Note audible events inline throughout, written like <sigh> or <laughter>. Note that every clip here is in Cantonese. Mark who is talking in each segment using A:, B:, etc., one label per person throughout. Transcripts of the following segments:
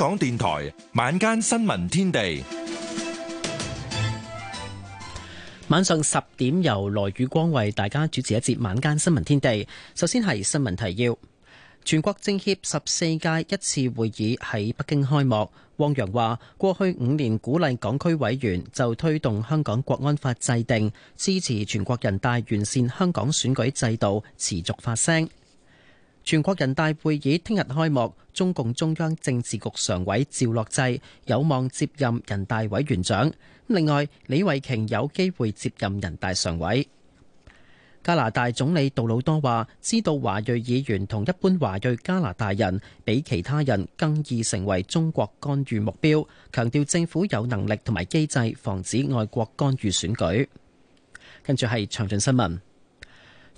A: 港電台晚間新聞天地，晚上十點
B: 由羅宇光為大家主持一節晚間新聞天地。首先係新聞提要：全國政協十四屆一次會議喺北京開幕。汪洋話，過去五年鼓勵港區委員就推動香港國安法制定、支持全國人大完善香港選舉制度持續發聲。全國人大會議聽日開幕，中共中央政治局常委趙樂際有望接任人大委員長。另外，李慧瓊有機會接任人大常委。加拿大總理杜魯多話，知道華裔議員同一般華裔加拿大人比其他人更易成為中國干預目標，強調政府有能力同埋機制防止外國干預選舉。跟住係詳盡新聞。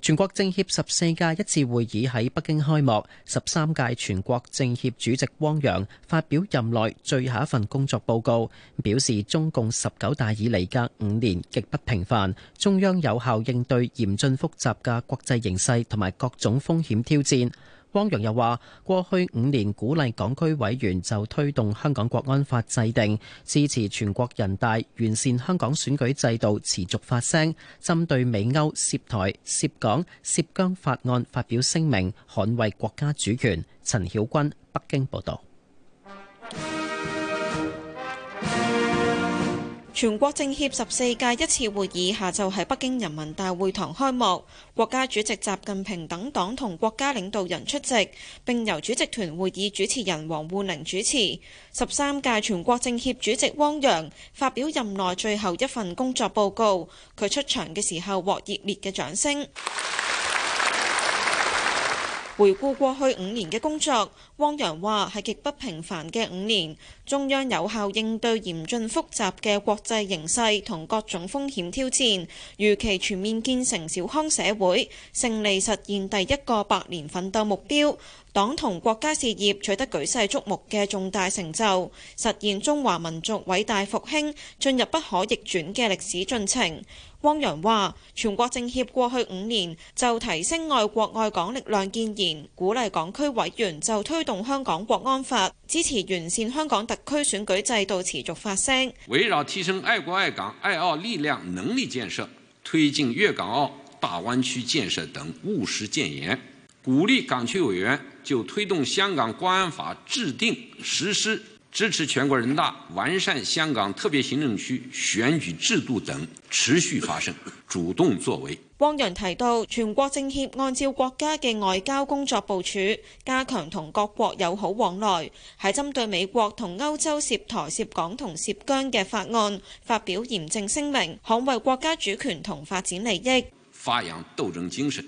B: 全國政協十四屆一次會議喺北京開幕，十三屆全國政協主席汪洋發表任內最後一份工作報告，表示中共十九大以來嘅五年極不平凡，中央有效應對嚴峻複雜嘅國際形勢同埋各種風險挑戰。汪洋又話：過去五年鼓勵港區委員就推動香港國安法制定、支持全國人大完善香港選舉制度、持續發聲，針對美歐涉台、涉港、涉疆法案發表聲明，捍衛國家主權。陳曉君北京報導。
C: 全國政協十四屆一次會議，下晝喺北京人民大會堂開幕，國家主席習近平等黨同國家領導人出席，並由主席團會議主持人王滬寧主持。十三屆全國政協主席汪洋，發表任內最後一份工作報告，佢出場嘅時候獲熱烈嘅掌聲。回顧過去五年嘅工作，汪洋話係極不平凡嘅五年， <laughs> 中央有效應對嚴峻複雜嘅國際形勢同各種風險挑戰，如期全面建成小康社會，勝利實現第一個百年奮鬥目標，黨同國家事業取得舉世矚目嘅重大成就，實現中華民族偉大復興進入不可逆轉嘅歷史進程。汪洋話，全國政協過去五年就提升愛國愛港力量建言，鼓勵港區委員就推動香港國安法。支持完善香港特區選舉制度，持續發聲；
A: 圍繞提升愛國愛港愛澳力量能力建設，推進粵港澳大灣區建設等務實建言，鼓勵港區委員就推動香港《國安法》制定實施、支持全國人大完善香港特別行政區選舉制度等持續發聲，主動作為。
C: 汪洋提到，全國政協按照國家嘅外交工作部署，加強同各國友好往來，係針對美國同歐洲涉台涉港同涉疆嘅法案發表嚴正聲明，捍衛國家主權同發展利益。
A: 發揚鬥爭精神，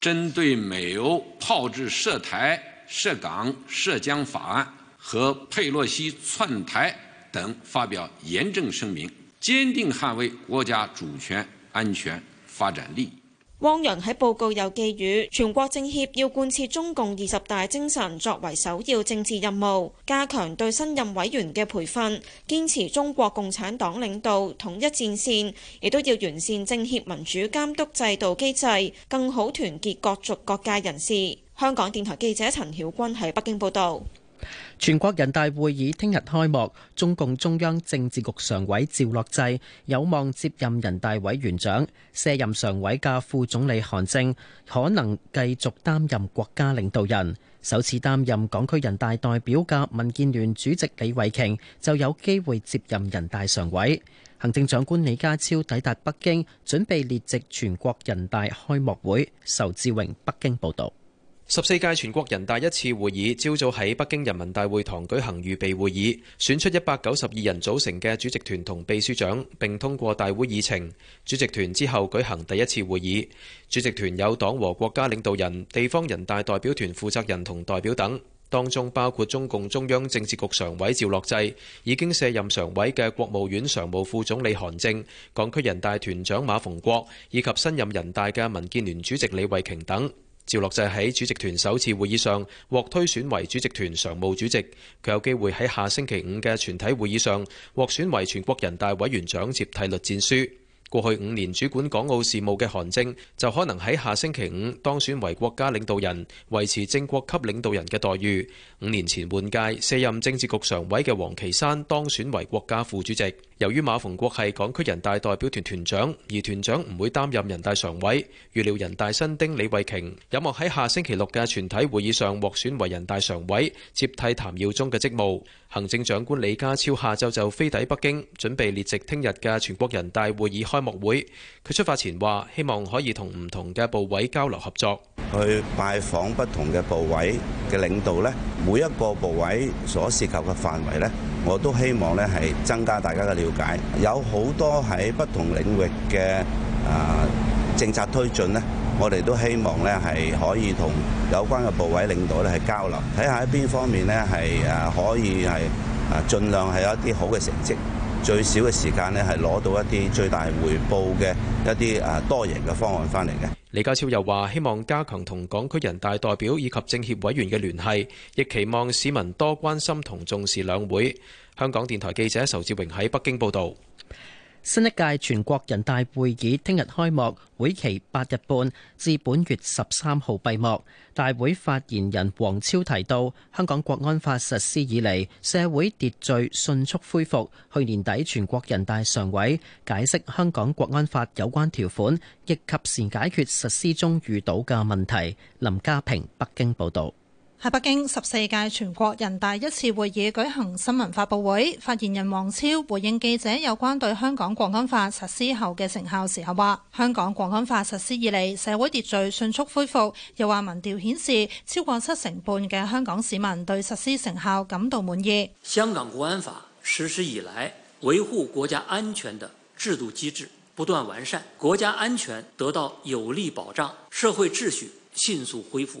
A: 針對美歐炮製涉台、涉港、涉疆法案和佩洛西竄台等發表嚴正聲明，堅定捍衛國家主權、安全、發展利益。
C: 汪洋喺報告又寄語全國政協要貫徹中共二十大精神作為首要政治任務，加強對新任委員嘅培訓，堅持中國共產黨領導統一戰線，亦都要完善政協民主監督制度機制，更好團結各族各界人士。香港電台記者陳曉君喺北京報道。
B: 全國人大會議聽日開幕，中共中央政治局常委趙樂際有望接任人大委員長，卸任常委嘅副總理韓正可能繼續擔任國家領導人。首次擔任港區人大代表嘅民建聯主席李慧瓊就有機會接任人大常委。行政長官李家超抵達北京，準備列席全國人大開幕會。仇志榮北京報道。
D: 十四屆全國人大一次會議朝早喺北京人民大會堂舉行預備會議，選出一百九十二人組成嘅主席團同秘書長，並通過大會議程。主席團之後舉行第一次會議。主席團有黨和國家領導人、地方人大代表團負責人同代表等，當中包括中共中央政治局常委趙樂際，已經卸任常委嘅國務院常務副總理韓正，港區人大團長馬逢國，以及新任人大嘅民建聯主席李慧瓊等。趙樂際喺主席團首次會議上獲推選為主席團常務主席，佢有機會喺下星期五嘅全體會議上獲選為全國人大委員長，接替栗戰書。過去五年主管港澳事務嘅韓正，就可能喺下星期五當選為國家領導人，維持正國級領導人嘅待遇。五年前換屆卸任政治局常委嘅王岐山，當選為國家副主席。由於馬逢國係港區人大代表團團長，而團長唔會擔任人大常委。預料人大新丁李慧瓊有望喺下星期六嘅全體會議上獲選為人大常委，接替譚耀宗嘅職務。行政長官李家超下晝就飛抵北京，準備列席聽日嘅全國人大會議開。幕會，佢出發前話希望可以同唔同嘅部委交流合作，
A: 去拜訪不同嘅部委嘅領導呢，每一個部委所涉及嘅範圍呢，我都希望呢係增加大家嘅了解，有好多喺不同領域嘅啊政策推進呢，我哋都希望呢係可以同有關嘅部委領導呢係交流，睇下喺邊方面呢係啊可以係啊盡量係有一啲好嘅成績。最少嘅時間咧，係攞到一啲最大回報嘅一啲誒多贏嘅方案翻嚟嘅。
D: 李家超又話：希望加強同港區人大代表以及政協委員嘅聯繫，亦期望市民多關心同重視兩會。香港電台記者仇志榮喺北京報導。
B: 新一屆全國人大會議聽日開幕，會期八日半至本月十三號閉幕。大會發言人王超提到，香港國安法實施以嚟，社會秩序迅速恢復。去年底，全國人大常委解釋香港國安法有關條款，亦及時解決實施中遇到嘅問題。林家平北京報道。
E: 喺北京十四屆全國人大一次會議舉行新聞發布會，發言人王超回應記者有關對香港國安法實施後嘅成效時候話：香港國安法實施以嚟，社會秩序迅速恢復。又話民調顯示，超過七成半嘅香港市民對實施成效感到滿意。
F: 香港國安法實施以來，維護國家安全的制度機制不斷完善，國家安全得到有力保障，社會秩序迅速恢復。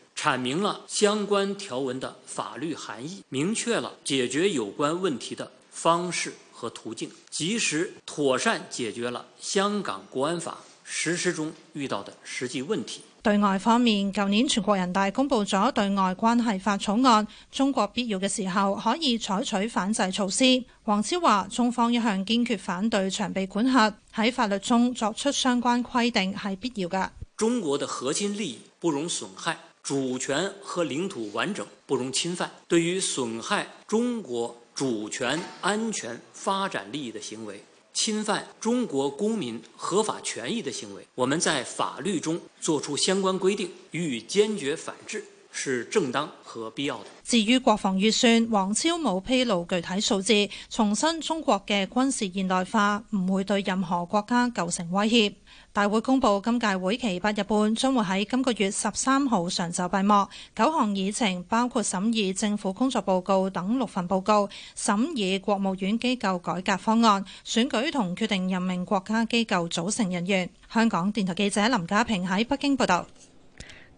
F: 闡明了相關條文的法律含義，明確了解決有關問題的方式和途徑，及時妥善解決了香港國安法實施中遇到的實際問題。
E: 對外方面，去年全國人大公布咗《對外關係法》草案，中國必要嘅時候可以採取反制措施。王超話，中方一向堅決反對長臂管轄，喺法律中作出相關規定係必要嘅。
F: 中國的核心利益不容損害。主權和領土完整不容侵犯。對於損害中國主權、安全、發展利益的行為，侵犯中國公民合法權益的行為，我們在法律中作出相關規定，予以堅決反制，是正當和必
E: 要的。至於國防預算，王超冇披露具體數字，重申中國嘅軍事現代化唔會對任何國家構成威脅。大會公布今屆會期八日半，將會喺今個月十三號上晝閉幕。九項議程包括審議政府工作報告等六份報告，審議國務院機構改革方案，選舉同決定任命國家機構組成人員。香港電台記者林家平喺北京報道。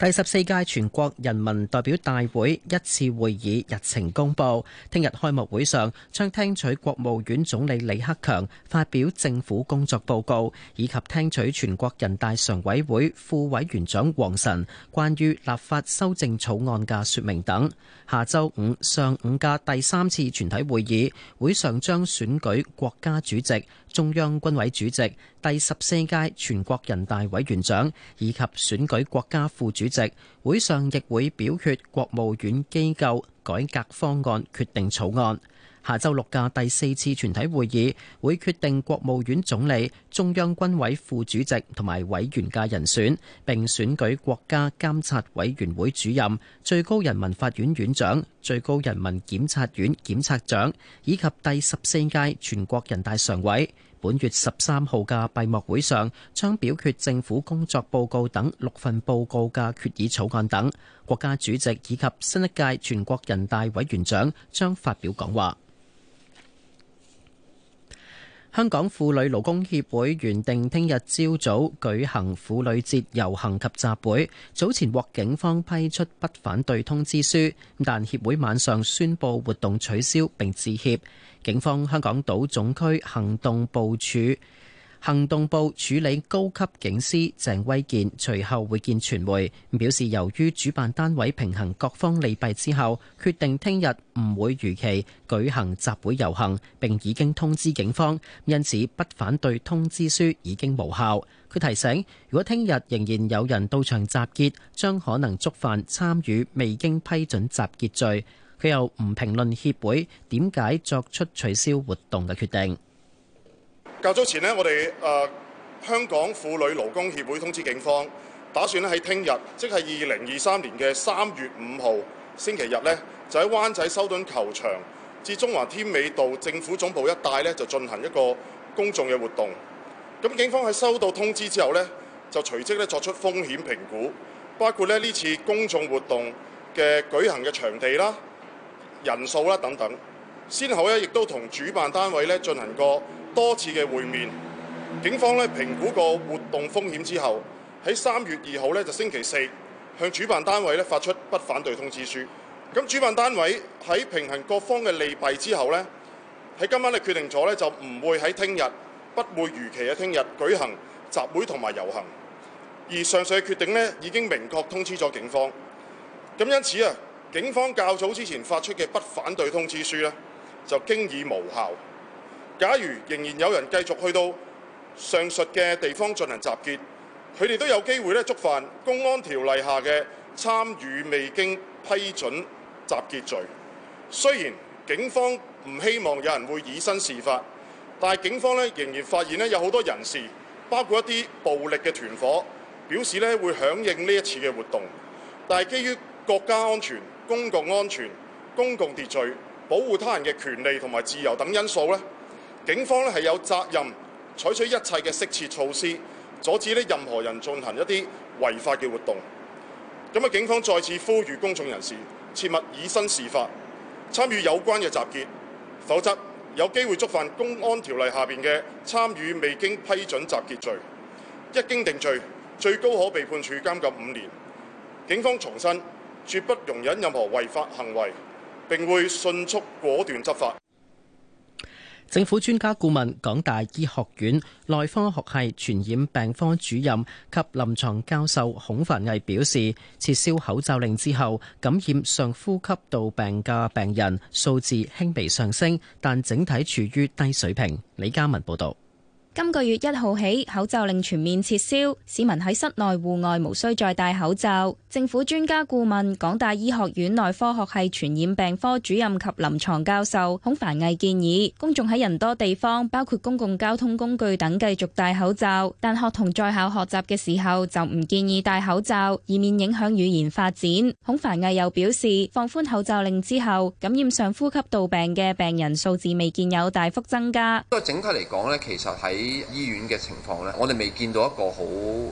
B: 第十四屆全國人民代表大會一次會議日程公布，聽日開幕會上將聽取國務院總理李克強發表政府工作報告，以及聽取全國人大常委會副委員長王晨關於立法修正草案嘅說明等。下周五上午嘅第三次全體會議，會上將選舉國家主席、中央軍委主席、第十四屆全國人大委員長，以及選舉國家副主席。會上亦會表決國務院機構改革方案決定草案。下周六嘅第四次全體會議會決定國務院總理、中央軍委副主席同埋委員嘅人選，並選舉國家監察委員會主任、最高人民法院院長、最高人民檢察院檢察長以及第十四屆全國人大常委。本月十三號嘅閉幕會上，將表決政府工作報告等六份報告嘅決議草案等。國家主席以及新一屆全國人大委員長將發表講話。香港婦女勞工協會原定聽日朝早舉行婦女節遊行及集會，早前獲警方批出不反對通知書，但協會晚上宣布活動取消並致歉。警方香港島總區行動部署。行動部處理高級警司鄭威健，隨後會見傳媒，表示由於主辦單位平衡各方利弊之後，決定聽日唔會如期舉行集會遊行，並已經通知警方，因此不反對通知書已經無效。佢提醒，如果聽日仍然有人到場集結，將可能觸犯參與未經批准集結罪。佢又唔評論協會點解作出取消活動嘅決定。
G: 較早前呢，我哋誒、呃、香港婦女勞工協會通知警方，打算咧喺聽日，即係二零二三年嘅三月五號星期日咧，就喺灣仔修頓球場至中環添美道政府總部一帶咧，就進行一個公眾嘅活動。咁警方喺收到通知之後咧，就隨即咧作出風險評估，包括咧呢次公眾活動嘅舉行嘅場地啦、人數啦等等，先後咧亦都同主辦單位咧進行過多次嘅會面，警方咧評估過活動風險之後，喺三月二號咧就星期四，向主辦單位咧發出不反對通知書。咁主辦單位喺平衡各方嘅利弊之後咧，喺今晚咧決定咗咧就唔會喺聽日，不會如期嘅聽日舉行集會同埋遊行。而上述嘅決定咧已經明確通知咗警方。咁因此啊，警方較早之前發出嘅不反對通知書咧，就經已無效。假如仍然有人繼續去到上述嘅地方進行集結，佢哋都有機會咧觸犯公安條例下嘅參與未經批准集結罪。雖然警方唔希望有人會以身試法，但係警方咧仍然發現有好多人士，包括一啲暴力嘅團伙，表示咧會響應呢一次嘅活動。但係基於國家安全、公共安全、公共秩序、保護他人嘅權利同埋自由等因素咧。警方咧係有責任採取一切嘅適切措施，阻止咧任何人進行一啲違法嘅活動。咁啊，警方再次呼籲公眾人士切勿以身試法，參與有關嘅集結，否則有機會觸犯公安條例下面嘅參與未經批准集結罪，一經定罪，最高可被判處監禁五年。警方重申，絕不容忍任何違法行為，並會迅速果斷執法。
B: 政府專家顧問、港大醫學院內科學系傳染病科主任及臨床教授孔繁毅表示，撤銷口罩令之後感染上呼吸道病嘅病人數字輕微上升，但整體處於低水平。李嘉文報道。
H: 今個月一號起，口罩令全面撤銷，市民喺室內、戶外無需再戴口罩。政府專家顧問、港大醫學院內科學系傳染病科主任及臨床教授孔繁毅建議，公眾喺人多地方，包括公共交通工具等，繼續戴口罩。但學童在校學習嘅時候就唔建議戴口罩，以免影響語言發展。孔繁毅又表示，放寬口罩令之後，感染上呼吸道病嘅病人數字未見有大幅增加。不過，
A: 整體嚟講呢，其實係。喺醫院嘅情況呢，我哋未見到一個好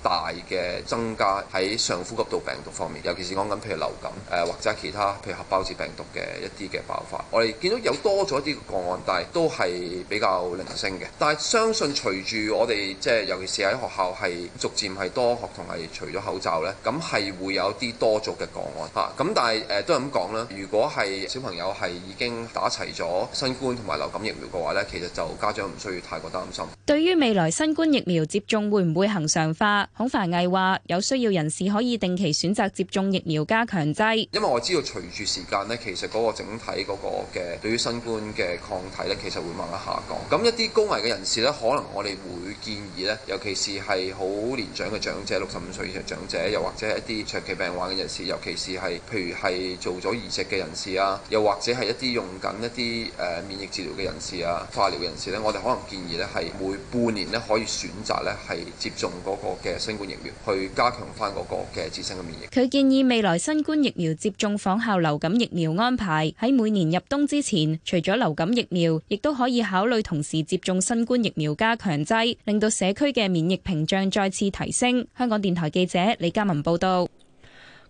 A: 大嘅增加喺上呼吸道病毒方面，尤其是講緊譬如流感誒或者其他譬如合胞病毒嘅一啲嘅爆發。我哋見到有多咗啲個,個案，但係都係比較零星嘅。但係相信隨住我哋即係尤其是喺學校係逐漸係多學童係除咗口罩呢，咁係會有啲多咗嘅個案嚇。咁但係都係咁講啦，如果係小朋友係已經打齊咗新冠同埋流感疫苗嘅話呢，其實就家長唔需要太過擔心。
H: 對於未來新冠疫苗接種會唔會恆常化？孔繁毅話：有需要人士可以定期選擇接種疫苗加強劑。因
A: 為我知道隨住時間呢，其實嗰個整體嗰個嘅對於新冠嘅抗體呢，其實會慢慢下降。咁一啲高危嘅人士呢，可能我哋會建議呢，尤其是係好年長嘅長者，六十五歲以上長者，又或者係一啲長期病患嘅人士，尤其是係譬如係做咗移植嘅人士啊，又或者係一啲用緊一啲誒免疫治療嘅人士啊，化療人士呢，我哋可能建議呢係每半年呢，可以選擇呢係接種嗰個嘅新冠疫苗，去加強翻嗰個嘅自身嘅免疫。
H: 佢建議未來新冠疫苗接種仿效流感疫苗安排，喺每年入冬之前，除咗流感疫苗，亦都可以考慮同時接種新冠疫苗加強劑，令到社區嘅免疫屏障再次提升。香港電台記者李嘉文報道。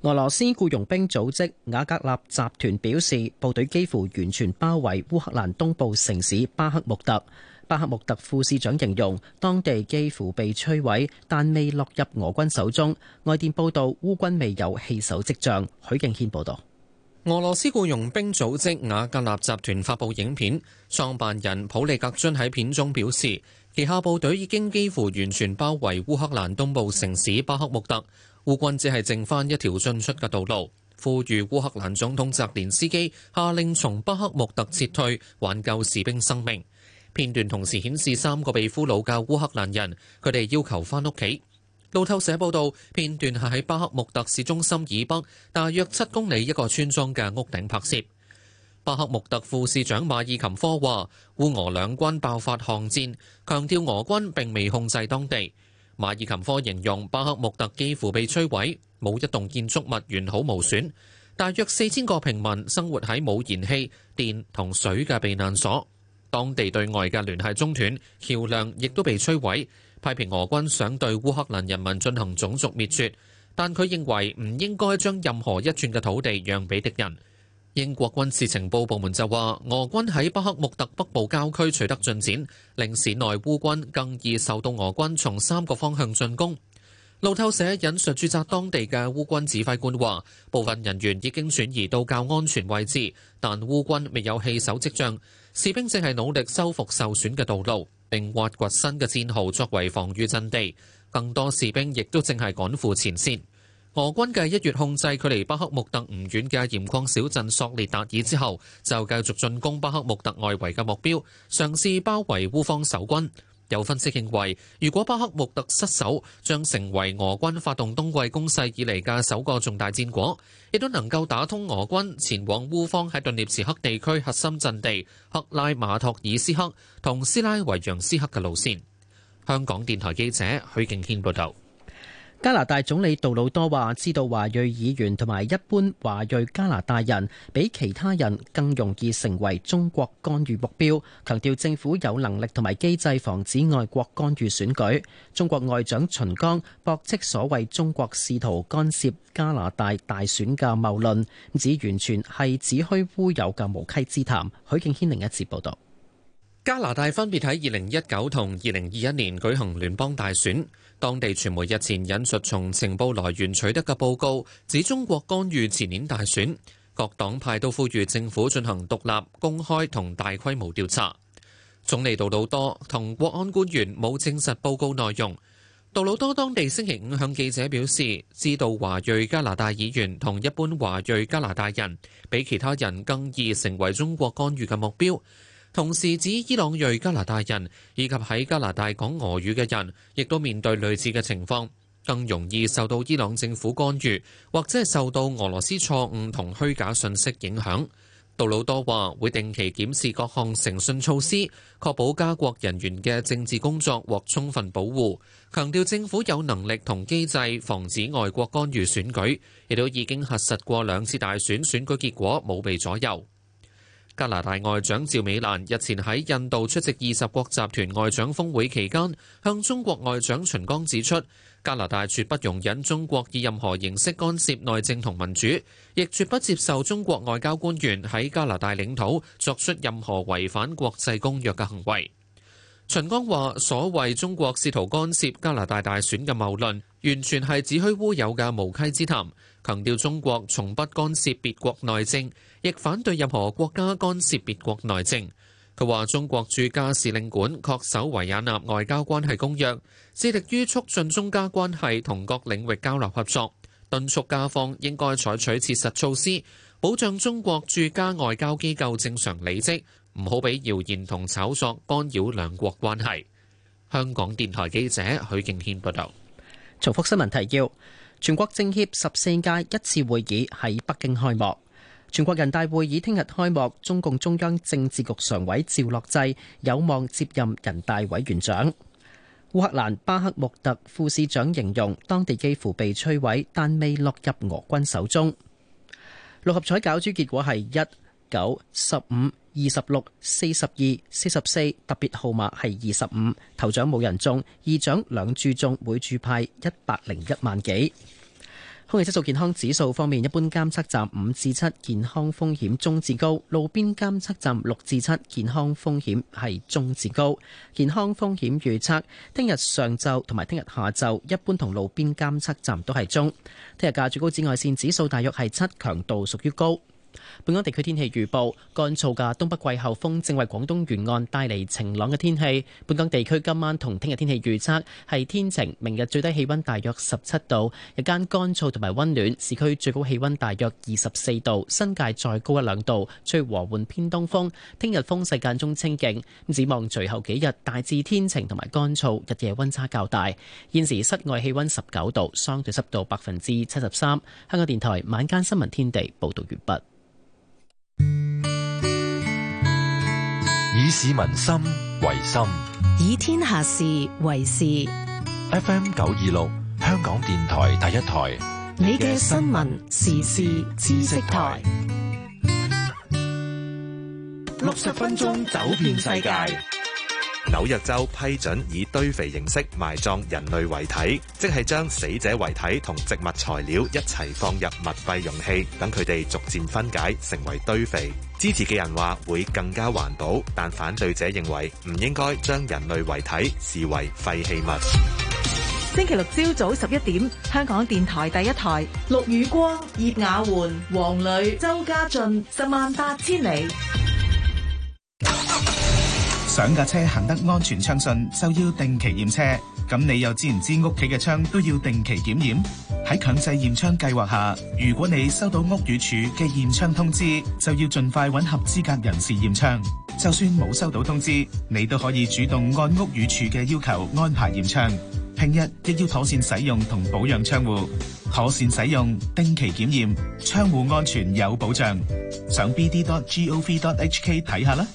B: 俄羅斯僱傭兵組織瓦格納集團表示，部隊幾乎完全包圍烏克蘭東部城市巴克穆特。巴克穆特副市長形容當地幾乎被摧毀，但未落入俄軍手中。外電報道，烏軍未有棄守跡象。許敬軒報道。
I: 俄羅斯僱傭兵組織瓦格納集團發佈影片，創辦人普利格津喺片中表示，旗下部隊已經幾乎完全包圍烏克蘭東部城市巴克穆特，烏軍只係剩翻一條進出嘅道路。呼籲烏克蘭總統澤連斯基下令從巴克穆特撤退，挽救士兵生命。片段同時顯示三個被俘虜嘅烏克蘭人，佢哋要求翻屋企。路透社報道，片段係喺巴克穆特市中心以北大約七公里一個村莊嘅屋頂拍攝。巴克穆特副市長馬爾琴科話：烏俄兩軍爆發巷戰，強調俄軍並未控制當地。馬爾琴科形容巴克穆特幾乎被摧毀，冇一棟建築物完好無損。大約四千個平民生活喺冇燃氣、電同水嘅避難所。當地對外嘅聯繫中斷，橋梁亦都被摧毀。批評俄軍想對烏克蘭人民進行種族滅絕，但佢認為唔應該將任何一寸嘅土地讓俾敵人。英國軍事情報部門就話，俄軍喺巴克穆特北部郊區取得進展，令市內烏軍更易受到俄軍從三個方向進攻。路透社引述駐紮當地嘅烏軍指揮官話：部分人員已經轉移到較安全位置，但烏軍未有棄守跡象。士兵正係努力修復受損嘅道路，並挖掘新嘅戰壕作為防禦陣地。更多士兵亦都正係趕赴前線。俄軍繼一月控制距離巴克穆特唔遠嘅鹽礦小鎮索列達爾之後，就繼續進攻巴克穆特外圍嘅目標，嘗試包圍烏方守軍。有分析認為，如果巴克穆特失守，將成為俄軍發動冬季攻勢以嚟嘅首個重大戰果，亦都能夠打通俄軍前往烏方喺頓涅茨克地區核心陣地克拉馬托爾斯克同斯拉維揚斯克嘅路線。香港電台記者許敬軒報道。
B: 加拿大總理杜魯多話：知道華裔議員同埋一般華裔加拿大人比其他人更容易成為中國干預目標，強調政府有能力同埋機制防止外國干預選舉。中國外長秦剛駁斥所謂中國試圖干涉加拿大大選嘅謬論，指完全係子虛烏有嘅無稽之談。許敬軒另一次報道，
I: 加拿大分別喺二零一九同二零二一年舉行聯邦大選。當地傳媒日前引述從情報來源取得嘅報告，指中國干預前年大選。各黨派都呼籲政府進行獨立、公開同大規模調查。總理杜魯多同國安官員冇證實報告內容。杜魯多當地星期五向記者表示，知道華裔加拿大議員同一般華裔加拿大人比其他人更易成為中國干預嘅目標。同時指伊朗裔加拿大人以及喺加拿大講俄語嘅人，亦都面對類似嘅情況，更容易受到伊朗政府干預，或者係受到俄羅斯錯誤同虛假信息影響。杜魯多話會定期檢視各項誠信措施，確保加國人員嘅政治工作獲充分保護，強調政府有能力同機制防止外國干預選舉，亦都已經核實過兩次大選選舉結果冇被左右。加拿大外長趙美蘭日前喺印度出席二十國集團外長峰會期間，向中國外長秦剛指出，加拿大絕不容忍中國以任何形式干涉內政同民主，亦絕不接受中國外交官員喺加拿大領土作出任何違反國際公約嘅行為。秦剛話：所謂中國試圖干涉加拿大大選嘅謬論，完全係子虛烏有嘅無稽之談。強調中國從不干涉別國內政，亦反對任何國家干涉別國內政。佢話：中國駐加使領館恪守維也納外交關係公約，致力於促進中加關係同各領域交流合作。敦促加方應該採取切實措施，保障中國駐加外交機構正常履職，唔好俾謠言同炒作干擾兩國關
B: 係。香港電台記者許敬軒報導。重複新聞提要：全國政協十四屆一次會議喺北京開幕，全國人大會議聽日開幕。中共中央政治局常委趙樂際有望接任人大委員長。烏克蘭巴克穆特副市長形容當地幾乎被摧毀，但未落入俄軍手中。六合彩攪珠結果係一九十五、二十六、四十二、四十四，特別號碼係二十五。頭獎冇人中，二獎兩注中，每注派一百零一萬幾。空氣質素健康指數方面，一般監測站五至七，7，健康風險中至高；路邊監測站六至七，7，健康風險係中至高。健康風險預測：聽日上晝同埋聽日下晝，一般同路邊監測站都係中。聽日嘅最高紫外線指數大約係七，強度屬於高。本港地區天氣預報：乾燥嘅東北季候風正為廣東沿岸帶嚟晴朗嘅天氣。本港地區今晚同聽日天氣預測係天晴，明日最低氣溫大約十七度，日間乾燥同埋溫暖，市區最高氣溫大約二十四度，新界再高一兩度，吹和緩偏東風。聽日風勢間中清勁。展望隨後幾日大致天晴同埋乾燥，日夜溫差較大。現時室外氣溫十九度，相對濕度百分之七十三。香港電台晚間新聞天地報道完畢。
C: 以市民心為心，
I: 以天下事為事。
J: FM 九二六，香港電台第一
G: 台，
I: 你嘅新聞時事知識台。
D: 六十分鐘走遍世界。
G: 紐約
I: 州批准以堆肥形式埋葬人類遺體，即係將死者遺體同植物材料一齊放入密閉容器，等佢哋逐漸分解成為堆肥。支持嘅人話會更加環保，但反對者認為唔應該將人
G: 類遺體視為廢棄物。
C: 星期六朝早十一點，香港電台第一台，陸宇光、葉雅媛、黃雷、周家俊，十萬
H: 八千里。
I: 上架車行得安全暢順，就要定期驗車。咁你又知唔知屋企嘅窗都要定期檢驗？喺強制驗窗計劃下，如果你收到屋宇署嘅驗窗通知，就要盡快揾合資格人士驗窗。就算冇收到通知，你都可以主動按屋宇署嘅要求安排驗窗。平日亦要妥善使用同保養窗戶，妥善使用、定期檢驗，窗戶安全有保障。上 bd.gov.hk 睇下啦。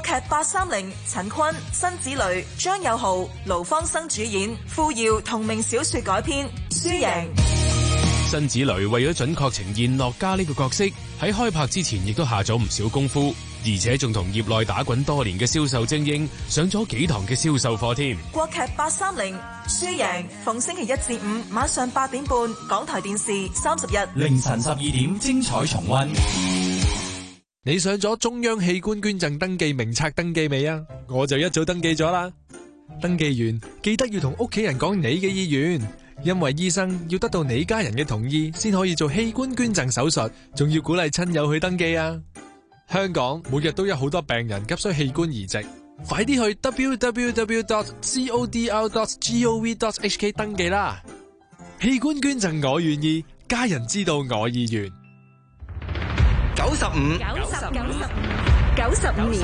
C: 國劇八三零，陳坤、辛芷蕾、張友豪、盧芳生主演，傅瑤同名小說改編，輸贏。
D: 辛芷蕾為咗準確呈現駱伽呢個角色，喺開拍之前亦都下咗唔少功夫，而且仲同業內打滾多年嘅銷售精英上咗幾堂嘅銷售課添。
C: 國劇八三零，輸贏，逢星期一至五晚上八點半，港台電視三十日凌晨十二點，精彩重
D: 温。你上咗中央器官捐贈登記名冊登記未啊？我就一早登記咗啦。登記完記得要同屋企人講你嘅意願，因為醫生要得到你家人嘅同意先可以做器官捐贈手術。仲要鼓勵親友去登記啊！香港每日都有好多病人急需器官移植，快啲去 www.codr.gov.hk 登記啦！器官捐贈，我願意，家人知道我意願。
A: 九
H: 十五，九十五，九十五年，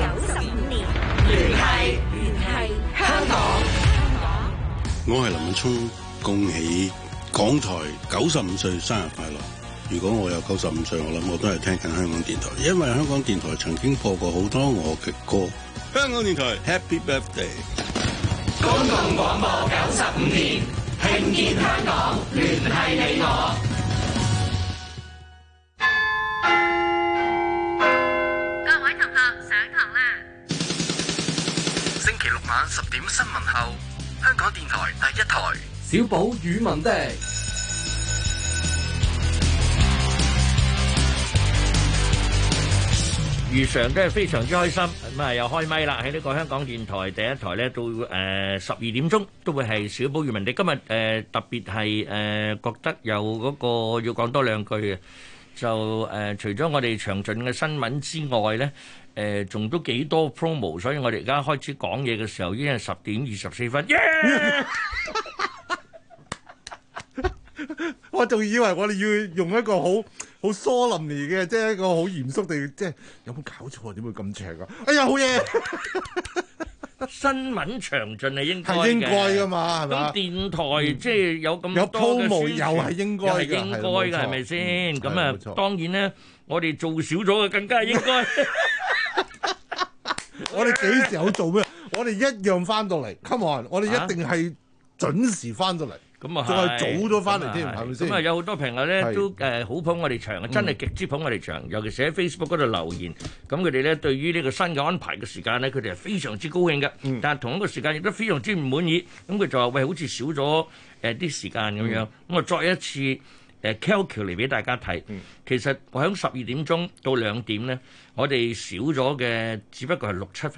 H: 聯繫聯繫香
G: 港，我係林敏聰，恭喜港台九十五歲生日快樂！如果我有九十五歲，我諗我都係聽緊香港電台，因為香港電台曾經播過好多我嘅歌。香港電台 Happy Birthday！公共廣播九十五年，
H: 興建香港，聯繫你我。
I: 星期六晚十點新聞後，香港電台第一台
J: 小寶語文的，如常都係非常之開心咁啊！又開咪啦，喺呢個香港電台第一台呢，到誒十二點鐘都會係小寶語文的。今日誒特別係誒覺得有嗰個要講多兩句嘅，就誒除咗我哋詳盡嘅新聞之外呢。誒，仲、呃、都幾多 promo，所以我哋而家開始講嘢嘅時候已經係十點二十四分。Yeah!
G: <laughs> 我仲以為我哋要用一個好好 solemn 嚟嘅，即係一個好嚴肅地，即係有冇搞錯？點會咁邪㗎？哎呀，好嘢！
J: <laughs> 新聞詳盡係應該嘅嘛，係咪？咁電台、嗯、即係有咁多 promo，又係應該嘅，係咪先？咁啊，啊當然咧，我哋做少咗嘅更加應該。 <laughs>
G: <laughs> 我哋幾時有做咩？我哋一樣翻到嚟，come on！我哋一定係準時翻到嚟，咁啊，仲早咗翻嚟添，係咪
J: 先？咁啊，啊吧有好多朋友咧都誒是、啊、好捧我哋場啊，真係極之捧我哋場。嗯、尤其寫 Facebook 嗰度留言，咁佢哋咧對於呢個新嘅安排嘅時間咧，佢哋係非常之高興嘅。嗯、但係同一個時間亦都非常之唔滿意，咁佢就話喂，好似少咗誒啲時間咁樣。咁我再一次。誒 calculate 嚟俾大家睇，嗯，其實我喺十二點鐘到兩點咧，我哋少咗嘅只不過係六七分。